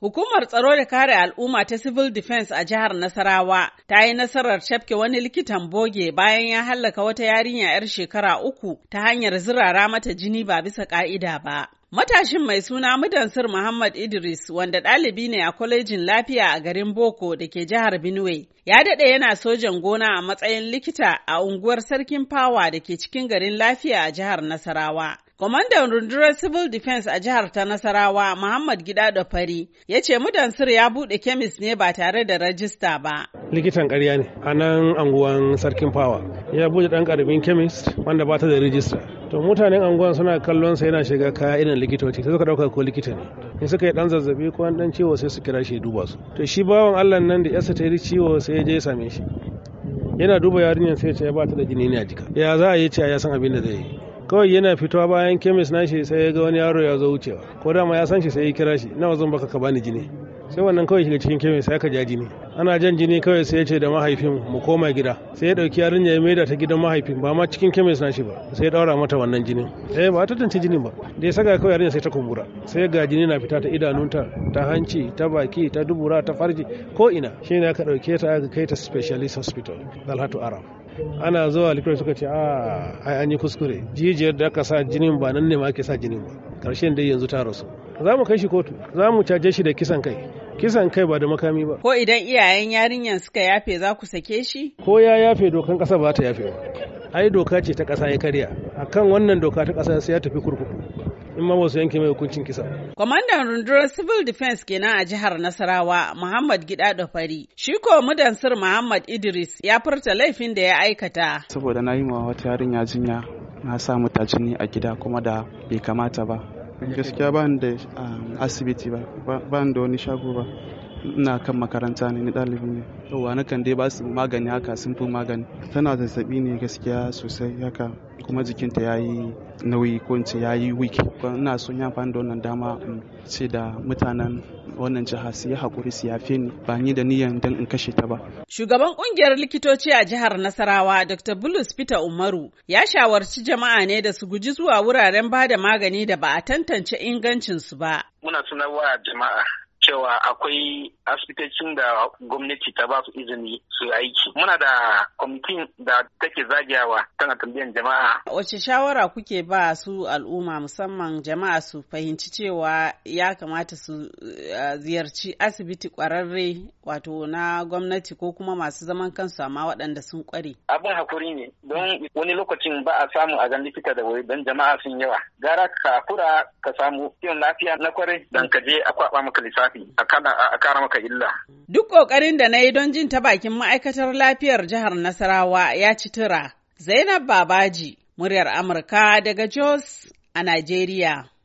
Hukumar tsaro da kare al'umma ta Civil Defense a jihar Nasarawa ta yi nasarar cafke wani likitan boge bayan ya hallaka wata yarinya 'yar shekara uku ta hanyar zirara mata jini ba bisa ka'ida ba. Matashin mai suna Mudansir Muhammad Idris wanda ɗalibi ne a kwalejin lafiya a garin Boko da ke jihar Benue ya daɗe yana sojan gona a matsayin likita a unguwar Sarkin Fawa da ke cikin garin lafiya a jihar Nasarawa. Kwamandan rundunar Civil Defense a jihar ta Nasarawa, Muhammad Gida da Fari, ya ce Sir ya buɗe kemis ne ba tare da rajista ba. Likitan ƙarya ne a nan anguwan Sarkin Fawa. Ya buɗe ɗan ƙaramin kemis wanda ba ta da rajista. To mutanen anguwan suna kallon sa yana shiga kaya irin likitoci sai suka ɗauka ko likita ne. In suka yi ɗan zazzabi ko ɗan ciwo sai su kira shi duba su. To shi bawan Allah nan da yasa ta yi ciwo sai ya je ya same shi. Yana duba yarinyar sai ya ce ya ba ta da jini ne a jika. Ya za a yi ce ya san abin da zai yi. kawai yana fitowa bayan kemis nashi sai ya ga wani yaro ya zo wucewa ko dama ya san shi sai ya kira shi nawa zan baka ka bani jini sai wannan kawai shiga cikin kemis sai ka ja jini ana jan jini kawai sai ya ce da mahaifin mu koma gida sai ya dauki yarinya ya maida ta gidan mahaifin ba ma cikin kemis nashi ba sai ya daura mata wannan jinin eh ba ta tantance jinin ba da ya saka kawai yarinya sai ta kumbura sai ga jini na fita ta idanunta ta hanci ta baki ta dubura ta farji ko ina shine aka dauke ta aka kai ta specialist hospital Dalhatu Arab ana zuwa likita suka ce a ah, ai an yi kuskure jijiyar da aka sa jinin ba nan ne ma ake sa jinin ba karshen dai yanzu ta rasu za mu kai shi kotu za mu caje shi da kisan kai kisan kai ba da makami ba ko idan iyayen yarinyar suka yafe za ku sake shi ko ya yafe dokan kasa ba ta yafe ba ai doka ce ta kasa ya karya akan wannan doka ta kasa sai ya tafi kurkuku in ma wasu yanke mai hukuncin kisa. Kwamandan rundunar civil defense kenan a jihar Nasarawa Muhammad gida Fari. Shi ko sir Muhammad Idris ya furta laifin da ya aikata. Saboda na yi ma wata yarinya jinya na sa mata jini a gida kuma da bai kamata ba. Gaskiya ba da ah, asibiti ba, ba da wani shago ba. ina kan makaranta ne ni ɗalibi ne na kan dai ba su magani haka sun fi magani tana zazzabi ne gaskiya sosai haka kuma jikinta ya yi nauyi ko in ce ya yi weak ina son ya fani da wannan dama in ce da mutanen wannan jiha su yi haƙuri su yafe ni ba ni da niyan dan in kashe ta ba. Shugaban ƙungiyar likitoci a jihar Nasarawa Dr. Bulus Peter Umaru ya shawarci jama'a ne da su guji zuwa wuraren bada magani da ba a tantance ingancinsu ba. Muna tunarwa jama'a cewa akwai asibitocin da gwamnati ta ba su izini su aiki. Muna da kwamitin da take zagayawa tana tambayan jama'a. Wace shawara kuke ba su al'umma musamman jama'a su fahimci cewa ya kamata su eh, ziyarci asibiti kwararre wato na gwamnati ko kuma masu zaman kansu amma waɗanda sun kware. Abin hakuri ne don wani lokacin ba a samu a gan likita da wuri don jama'a sun yawa. Gara ka kura ka samu kiwon lafiya na kware don ka je a kwaba maka lissafi. rigakafi a kara maka illa. Duk ƙoƙarin da na yi don jin ta bakin ma'aikatar lafiyar jihar Nasarawa ya ci tura. Zainab Babaji, muryar Amurka daga Jos a Najeriya.